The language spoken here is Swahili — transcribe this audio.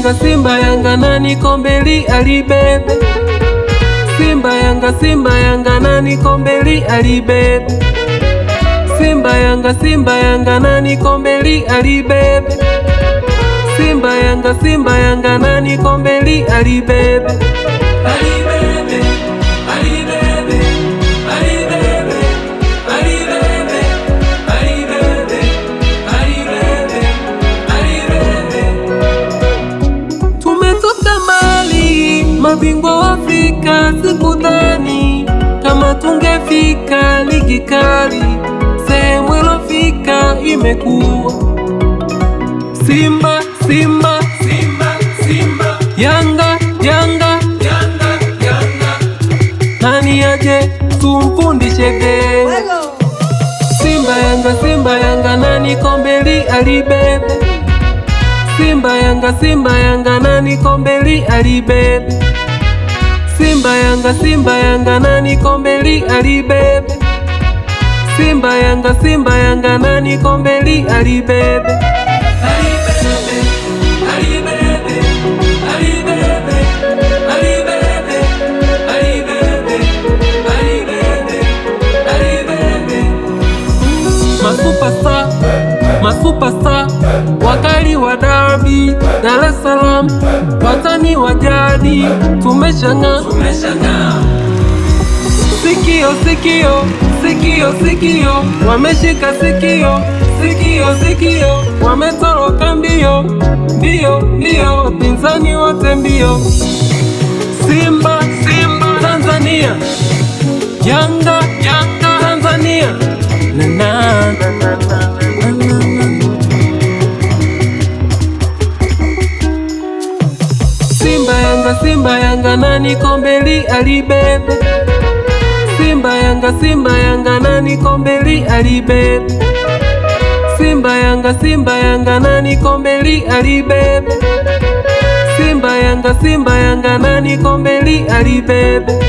Yanga, Simba Yanga, nani kombeli alibebe? Simba Yanga, Simba Yanga, nani kombeli alibebe? Simba Yanga, Simba Yanga, nani kombeli alibebe? Simba Yanga, Simba Yanga, nani kombeli alibebe? Alibebe. mabingwa wa Afrika, sikudhani kama tungefika ligi kali sehemu ilofika imekuwa. Simba, Simba, Simba, Simba. Yanga, Yanga, Yanga, Yanga. Nani aje tumfundishe ge? Simba, Yanga, Simba, Yanga, nani kombe li alibebe? Simba, Yanga, Simba, Yanga, nani kombe li alibebe? Yanga, Simba Yanga, nani kombeli alibebe? Simba Yanga, Simba Yanga, nani kombeli alibebe? Alibebe, Masupasa, wakali wa dabi Dar es Salaam Wasanii wa jadi tumeshang'aa, Sikio sikio sikio sikio, wameshika sikio sikio sikio, wametoroka mbio mbio mbio, wapinzani wote mbio. Simba Simba Tanzania, Yanga Yanga Tanzania, na na na Simba Simba Yanga nani kombeli alibebe? Simba Yanga Simba Yanga nani kombeli alibebe? Simba Yanga Simba Yanga nani kombe li alibeba? Simba Yanga Simba Yanga nani kombeli alibebe?